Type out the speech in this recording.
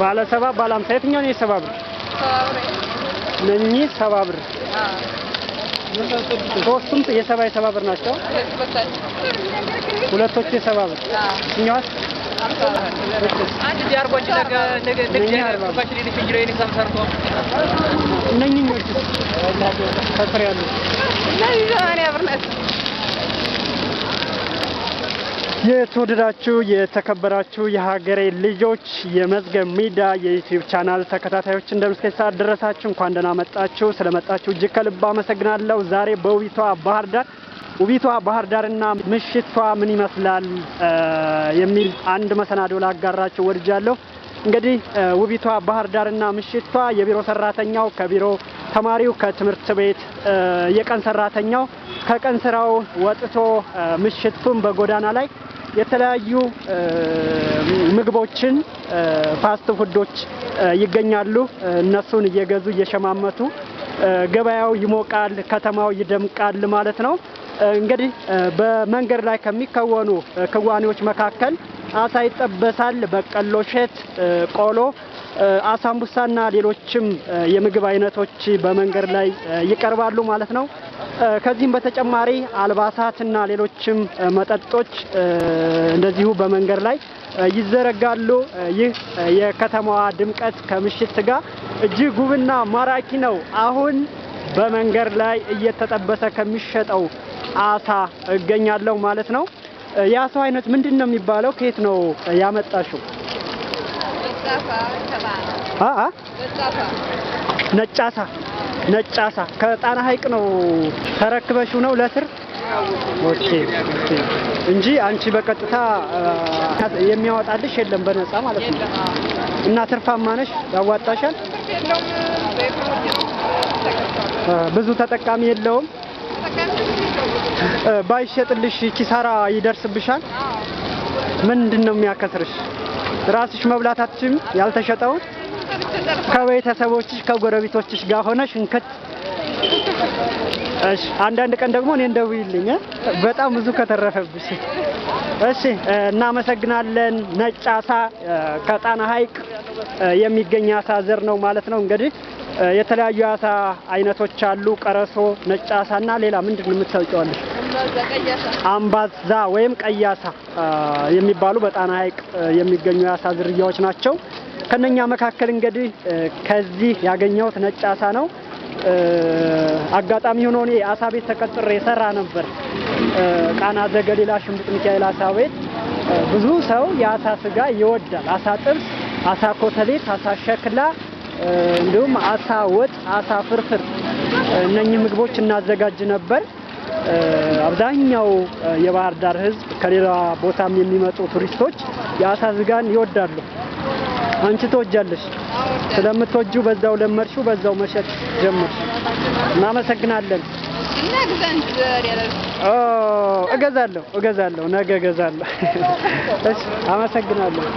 ባለ ሰባ ባለ አምሳ የትኛው ነው? የሰባ ብር እነኚህ ሰባ ብር ሶስቱም የሰባ የሰባ ብር ናቸው። ሁለቶቹ የሰባ ብር እኛዋስ ነገ ነገ ነገ የተወደዳችሁ የተከበራችሁ የሀገሬ ልጆች የመዝገብ ሚዲያ የዩቲዩብ ቻናል ተከታታዮች እንደምስከ ሰዓት ደረሳችሁ። እንኳን ደህና መጣችሁ። ስለመጣችሁ እጅግ ከልብ አመሰግናለሁ። ዛሬ በውቢቷ ባህር ዳር ውቢቷ ባህር ዳርና ምሽቷ ምን ይመስላል የሚል አንድ መሰናዶ ላጋራችሁ ወድጃለሁ። እንግዲህ ውቢቷ ባህር ዳርና ምሽቷ የቢሮ ሰራተኛው ከቢሮ ተማሪው ከትምህርት ቤት የቀን ሰራተኛው ከቀን ስራው ወጥቶ ምሽቱን በጎዳና ላይ የተለያዩ ምግቦችን ፋስት ፉዶች ይገኛሉ። እነሱን እየገዙ እየሸማመቱ ገበያው ይሞቃል፣ ከተማው ይደምቃል ማለት ነው። እንግዲህ በመንገድ ላይ ከሚከወኑ ክዋኔዎች መካከል አሳ ይጠበሳል፣ በቀሎ ሼት፣ ቆሎ፣ አሳምቡሳና ሌሎችም የምግብ አይነቶች በመንገድ ላይ ይቀርባሉ ማለት ነው። ከዚህም በተጨማሪ እና ሌሎችም መጠጦች እንደዚሁ በመንገድ ላይ ይዘረጋሉ። ይህ የከተማዋ ድምቀት ከምሽት ጋር እጅግ ውብና ማራኪ ነው። አሁን በመንገድ ላይ እየተጠበሰ ከሚሸጠው አሳ እገኛለሁ ማለት ነው። የአሳው አይነት ምንድን ነው የሚባለው? ከየት ነው ያመጣሽው? ነጫሳ ነጭ አሳ ከጣና ሐይቅ ነው ተረክበሽው ነው ለትር ኦኬ እንጂ አንቺ በቀጥታ የሚያወጣልሽ የለም በነፃ ማለት ነው። እና ትርፋማ ነሽ፣ ያዋጣሻል። ብዙ ተጠቃሚ የለውም። ባይሸጥልሽ ኪሳራ ይደርስብሻል። ምንድን ነው የሚያከስርሽ? ራስሽ መብላታችን አትችም ያልተሸጠውን ከቤተሰቦችሽ ከጎረቤቶችሽ ጋር ሆነሽ እንከት። እሺ፣ አንዳንድ ቀን ደግሞ እኔ እንደውይልኝ በጣም ብዙ ከተረፈብሽ። እሺ፣ እናመሰግናለን። ነጭ አሳ ከጣና ሐይቅ የሚገኝ አሳ ዘር ነው ማለት ነው። እንግዲህ የተለያዩ አሳ አይነቶች አሉ። ቀረሶ፣ ነጭ አሳና ሌላ ምንድን ነው የምታውቂዋለሽ? አምባዛ ወይም ቀይ አሳ የሚባሉ በጣና ሐይቅ የሚገኙ የአሳ ዝርያዎች ናቸው። ከነኛ መካከል እንግዲህ ከዚህ ያገኘሁት ነጭ አሳ ነው። አጋጣሚ ሆኖ እኔ አሳ ቤት ተቀጥሬ የሰራ ነበር ቃና ዘገሊላ ሽምጥ ሚካኤል አሳ ቤት። ብዙ ሰው የአሳ ስጋ ይወዳል። አሳ ጥብስ፣ አሳ ኮተሌት፣ አሳ ሸክላ እንዲሁም አሳ ወጥ፣ አሳ ፍርፍር እነኚህ ምግቦች እናዘጋጅ ነበር። አብዛኛው የባህር ዳር ሕዝብ ከሌላ ቦታም የሚመጡ ቱሪስቶች የአሳ ስጋን ይወዳሉ። አንቺ ትወጃለሽ ስለምትወጁ በዛው ለመርሹ በዛው መሸጥ ጀመርሽ። እናመሰግናለን። እገዛለሁ እገዛለሁ፣ ነገ እገዛለሁ። እሺ፣ አመሰግናለሁ።